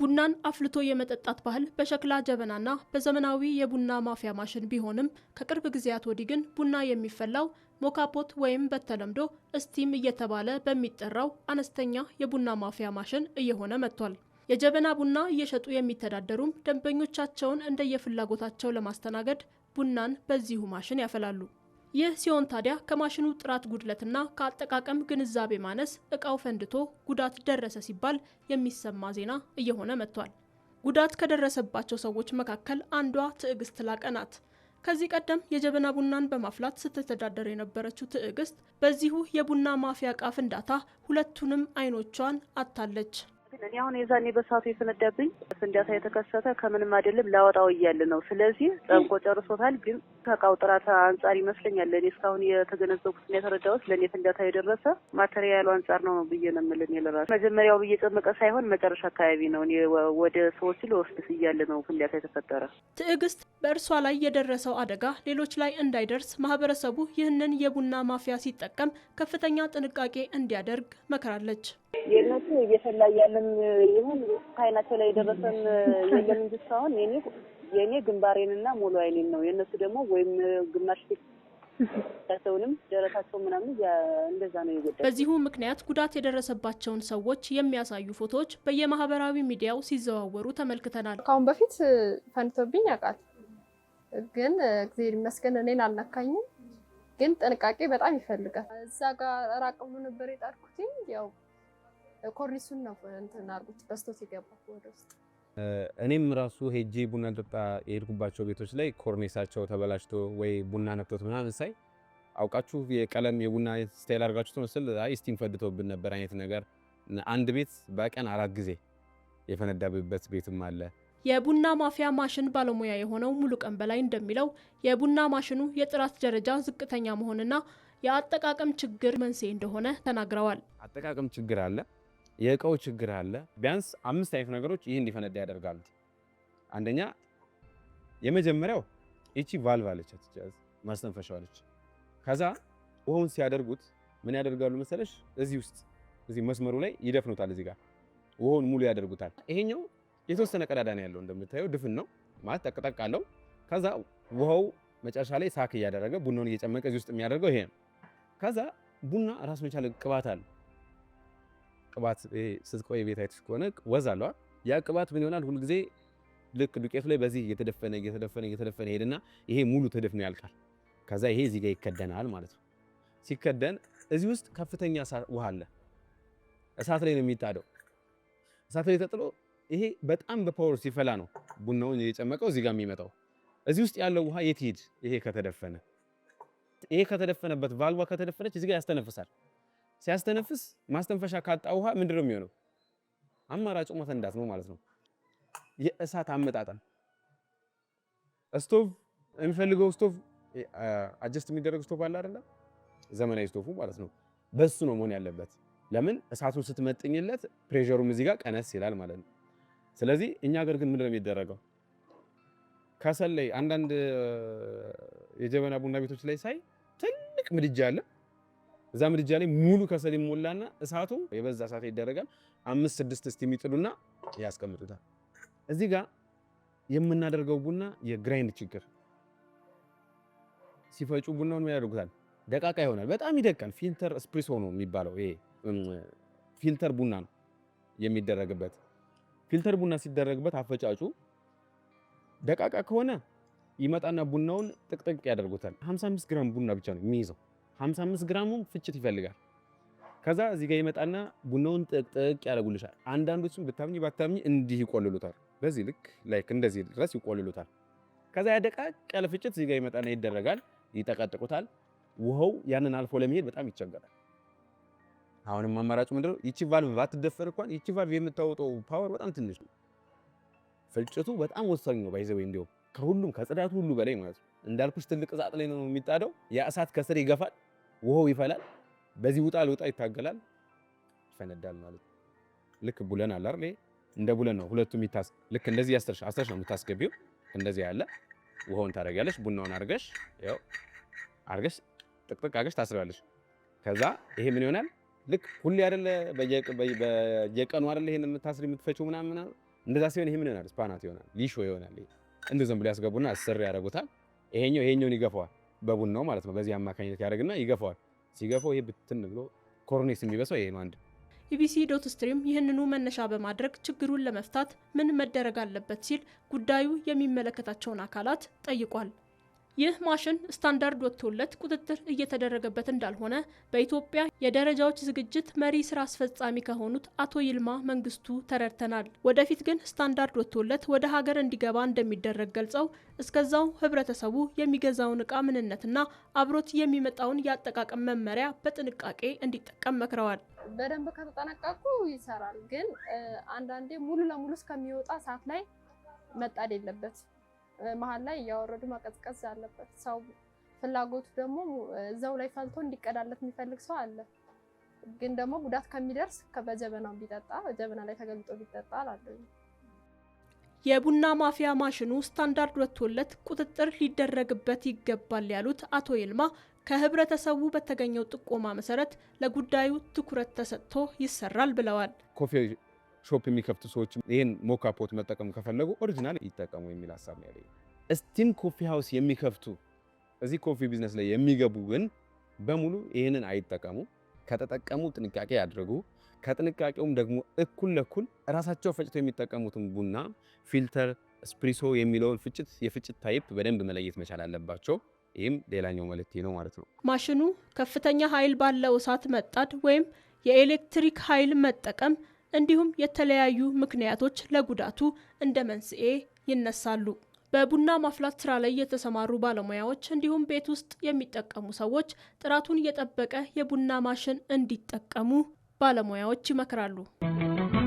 ቡናን አፍልቶ የመጠጣት ባህል በሸክላ ጀበናና በዘመናዊ የቡና ማፍያ ማሽን ቢሆንም ከቅርብ ጊዜያት ወዲህ ግን ቡና የሚፈላው ሞካፖት ወይም በተለምዶ እስቲም እየተባለ በሚጠራው አነስተኛ የቡና ማፍያ ማሽን እየሆነ መጥቷል። የጀበና ቡና እየሸጡ የሚተዳደሩም ደንበኞቻቸውን እንደየፍላጎታቸው ለማስተናገድ ቡናን በዚሁ ማሽን ያፈላሉ። ይህ ሲሆን ታዲያ ከማሽኑ ጥራት ጉድለትና ከአጠቃቀም ግንዛቤ ማነስ እቃው ፈንድቶ ጉዳት ደረሰ ሲባል የሚሰማ ዜና እየሆነ መጥቷል። ጉዳት ከደረሰባቸው ሰዎች መካከል አንዷ ትዕግስት ላቀ ናት። ከዚህ ቀደም የጀበና ቡናን በማፍላት ስትተዳደር የነበረችው ትዕግስት በዚሁ የቡና ማፍያ ዕቃ ፍንዳታ ሁለቱንም አይኖቿን አታለች። ግን እኔ አሁን የዛኔ በሳቱ የፈነዳብኝ ፍንዳታ የተከሰተ ከምንም አይደለም ላወጣው እያለ ነው። ስለዚህ ጠንቆ ጨርሶታል። ግን ከእቃው ጥራት አንጻር ይመስለኛል ለእኔ እስካሁን የተገነዘብኩትና የተረዳሁት ለእኔ ፍንዳታ የደረሰ ማቴሪያሉ አንጻር ነው ብዬ ነው የምልህ። እኔ ለራሱ መጀመሪያው ብዬ ጨመቀ ሳይሆን መጨረሻ አካባቢ ነው እኔ ወደ ሰዎች ልወስድ እያለ ነው ፍንዳታ የተፈጠረ። ትዕግስት በእርሷ ላይ የደረሰው አደጋ ሌሎች ላይ እንዳይደርስ ማህበረሰቡ ይህንን የቡና ማፍያ ሲጠቀም ከፍተኛ ጥንቃቄ እንዲያደርግ መክራለች። እየፈላ ያለም ይሁን ከዓይናቸው ላይ የደረሰን የለም እንጂ እስካሁን የኔ የኔ ግንባሬንና ሙሉ አይኔን ነው። የእነሱ ደግሞ ወይም ግማሽ ፊት ደረታቸው ምናምን እንደዛ ነው የጎዳ። በዚሁ ምክንያት ጉዳት የደረሰባቸውን ሰዎች የሚያሳዩ ፎቶዎች በየማህበራዊ ሚዲያው ሲዘዋወሩ ተመልክተናል። ከአሁን በፊት ፈንቶብኝ ያውቃል፣ ግን እግዚአብሔር ይመስገን እኔን አልነካኝም። ግን ጥንቃቄ በጣም ይፈልጋል። እዛ ጋር ራቅ ብሎ ነበር የጣልኩትኝ ያው ኮርኒሱን ነው እንትን አድርጎት በስቶት የገባው ወደ ውስጥ። እኔም ራሱ ሄጄ ቡና ጠጣ የሄድኩባቸው ቤቶች ላይ ኮርኔሳቸው ተበላሽቶ ወይ ቡና ነክቶት ምናምን ሳይ አውቃችሁ የቀለም የቡና ስታይል አድርጋችሁ ትመስል አይ ስቲም ፈድቶብን ነበር አይነት ነገር። አንድ ቤት በቀን አራት ጊዜ የፈነዳብበት ቤትም አለ። የቡና ማፊያ ማሽን ባለሙያ የሆነው ሙሉ ቀን በላይ እንደሚለው የቡና ማሽኑ የጥራት ደረጃ ዝቅተኛ መሆንና የአጠቃቀም ችግር መንስኤ እንደሆነ ተናግረዋል። አጠቃቀም ችግር አለ የእቃው ችግር አለ። ቢያንስ አምስት አይነት ነገሮች ይህ እንዲፈነዳ ያደርጋሉ። አንደኛ የመጀመሪያው ይቺ ቫልቭ አለች፣ ማስተንፈሻ ከዛ ውሃውን ሲያደርጉት ምን ያደርጋሉ መሰለሽ? እዚህ ውስጥ እዚህ መስመሩ ላይ ይደፍኑታል። እዚህ ጋር ውሃውን ሙሉ ያደርጉታል። ይሄኛው የተወሰነ ቀዳዳ ነው ያለው እንደምታየው፣ ድፍን ነው ማለት ጠቅጠቅ አለው። ከዛ ውሃው መጨረሻ ላይ ሳክ እያደረገ ቡናውን እየጨመቀ እዚህ ውስጥ የሚያደርገው ይሄ ነው። ከዛ ቡና ራስ የቻለ ቅባት አለው ቅባት ስትቆይ ቤት አይተሽ ከሆነ ወዝ አለዋ። ያ ቅባት ምን ይሆናል? ሁልጊዜ ልክ ዱቄቱ ላይ በዚህ እየተደፈነ እየተደፈነ እየተደፈነ ሄድና ይሄ ሙሉ ተደፍኖ ያልቃል። ከዛ ይሄ እዚህ ጋር ይከደናል ማለት ነው። ሲከደን እዚህ ውስጥ ከፍተኛ ውሃ አለ። እሳት ላይ ነው የሚጣደው። እሳት ላይ ተጥሎ ይሄ በጣም በፓወር ሲፈላ ነው ቡናውን የጨመቀው እዚህ ጋር የሚመጣው። እዚህ ውስጥ ያለው ውሃ የት ሄድ ይሄ ከተደፈነ ይሄ ከተደፈነበት ቫልቫ ከተደፈነች እዚህ ጋር ያስተነፍሳል። ሲያስተነፍስ ማስተንፈሻ ካጣ ውሃ ምንድነው የሚሆነው? አማራጭ መፈንዳት ነው ማለት ነው። የእሳት አመጣጠን ስቶቭ የሚፈልገው ስቶቭ አጀስት የሚደረግ ስቶቭ አለ አይደለ? ዘመናዊ ስቶቭ ማለት ነው። በሱ ነው መሆን ያለበት። ለምን እሳቱን ስትመጥኝለት ፕሬሸሩም እዚህ ጋር ቀነስ ይላል ማለት ነው። ስለዚህ እኛ ሀገር ግን ምንድነው የሚደረገው? ከሰል ላይ አንዳንድ የጀበና ቡና ቤቶች ላይ ሳይ ትልቅ ምድጃ አለ እዛ ምድጃ ላይ ሙሉ ከሰል ይሞላና እሳቱ የበዛ እሳት ይደረጋል። አምስት ስድስት እስቲ የሚጥሉና ያስቀምጡታል። እዚህ ጋር የምናደርገው ቡና የግራይንድ ችግር ሲፈጩ ቡናውን ያደርጉታል? ደቃቃ ይሆናል። በጣም ይደቃል። ፊልተር ስፕሪሶ ነው የሚባለው። ፊልተር ቡና ነው የሚደረግበት። ፊልተር ቡና ሲደረግበት አፈጫጩ ደቃቃ ከሆነ ይመጣና ቡናውን ጥቅጥቅ ያደርጉታል። 55 ግራም ቡና ብቻ ነው የሚይዘው 55 ግራሙም ፍጭት ይፈልጋል። ከዛ እዚህ ጋር ይመጣና ቡናውን ጥቅጥቅ ያደርጉልሻል። አንዳንዶቹም ብታምኚ ባታምኚ እንዲህ ይቆልሉታል። በዚህ ልክ ላይክ እንደዚህ ድረስ ይቆልሉታል። ከዛ ያደቃቅ ያለ ፍጭት እዚህ ጋር ይመጣና ይደረጋል። ይጠቀጥቁታል። ውሃው ያንን አልፎ ለመሄድ በጣም ይቸገራል። አሁንም አማራጩ ምንድነው? ይቺ ቫልቭ ባትደፈር እንኳን ይቺ ቫልቭ የምታወጣው ፓወር በጣም ትንሽ ነው። ፍልጭቱ በጣም ወሳኝ ነው። ባይዘው እንዲያው ከሁሉም ከጽዳቱ ሁሉ በላይ ማለት ነው። እንዳልኩሽ ትልቅ እሳት ላይ ነው የሚጣደው። ያ እሳት ከስር ይገፋል። ውሃው ይፈላል። በዚህ ውጣ ልውጣ ይታገላል፣ ይፈነዳል ማለት ነው። ልክ ቡለን አለ አይደል? እንደ ቡለን ነው ሁለቱም ይታስ ልክ እንደዚህ ያስተርሽ አስተርሽ ነው የምታስገቢው። እንደዚህ ያለ ውሃውን ታደርጊያለሽ፣ ቡናውን አድርገሽ ያው አድርገሽ ጥቅጥቅ አድርገሽ ታስሪያለሽ። ከዛ ይሄ ምን ይሆናል? ልክ ሁሌ አይደለ በየቀኑ አይደለ ይሄን የምታስሪ የምትፈጪው ምናምን እንደዛ ሲሆን ይሄ ምን ይሆናል? ስፓናት ይሆናል፣ ሊሾ ይሆናል። እንደ ዝም ብሎ ያስገቡና አስር ያደርጉታል። ይሄኛው ይሄኛውን ይገፋዋል በቡናው ማለት ነው። በዚህ አማካኝነት ያደርግና ይገፋዋል። ሲገፋው ይሄ ብትን ብሎ ኮርኔስ የሚበሳው ይሄ ነው። አንድ ኢቢሲ ዶት ስትሪም ይህንኑ መነሻ በማድረግ ችግሩን ለመፍታት ምን መደረግ አለበት ሲል ጉዳዩ የሚመለከታቸውን አካላት ጠይቋል። ይህ ማሽን ስታንዳርድ ወጥቶለት ቁጥጥር እየተደረገበት እንዳልሆነ በኢትዮጵያ የደረጃዎች ዝግጅት መሪ ስራ አስፈጻሚ ከሆኑት አቶ ይልማ መንግስቱ ተረድተናል። ወደፊት ግን ስታንዳርድ ወጥቶለት ወደ ሀገር እንዲገባ እንደሚደረግ ገልጸው እስከዛው ህብረተሰቡ የሚገዛውን እቃ ምንነትና አብሮት የሚመጣውን የአጠቃቀም መመሪያ በጥንቃቄ እንዲጠቀም መክረዋል። በደንብ ከተጠነቀቁ ይሰራል። ግን አንዳንዴ ሙሉ ለሙሉ እስከሚወጣ ሰዓት ላይ መጣድ የለበት መሀል ላይ እያወረዱ መቀዝቀዝ አለበት። ሰው ፍላጎቱ ደግሞ እዛው ላይ ፈልቶ እንዲቀዳለት የሚፈልግ ሰው አለ። ግን ደግሞ ጉዳት ከሚደርስ በጀበናው ቢጠጣ ጀበና ላይ ተገልጦ ቢጠጣ አላለኝ። የቡና ማፍያ ማሽኑ ስታንዳርድ ወጥቶለት ቁጥጥር ሊደረግበት ይገባል ያሉት አቶ ይልማ ከህብረተሰቡ በተገኘው ጥቆማ መሰረት ለጉዳዩ ትኩረት ተሰጥቶ ይሰራል ብለዋል። ሾፕ የሚከፍቱ ሰዎች ይህን ሞካፖት መጠቀም ከፈለጉ ኦሪጂናል ይጠቀሙ የሚል ሀሳብ ነው ያለኝ። ስቲም ኮፊ ሃውስ የሚከፍቱ እዚህ ኮፊ ቢዝነስ ላይ የሚገቡ ግን በሙሉ ይህንን አይጠቀሙ። ከተጠቀሙ ጥንቃቄ ያድርጉ። ከጥንቃቄውም ደግሞ እኩል ለኩል እራሳቸው ፈጭተው የሚጠቀሙትን ቡና ፊልተር፣ ስፕሪሶ የሚለውን ፍጭት የፍጭት ታይፕ በደንብ መለየት መቻል አለባቸው። ይህም ሌላኛው መልእክቴ ነው ማለት ነው። ማሽኑ ከፍተኛ ኃይል ባለው እሳት መጣድ ወይም የኤሌክትሪክ ኃይል መጠቀም እንዲሁም የተለያዩ ምክንያቶች ለጉዳቱ እንደ መንስኤ ይነሳሉ። በቡና ማፍላት ስራ ላይ የተሰማሩ ባለሙያዎች እንዲሁም ቤት ውስጥ የሚጠቀሙ ሰዎች ጥራቱን የጠበቀ የቡና ማሽን እንዲጠቀሙ ባለሙያዎች ይመክራሉ።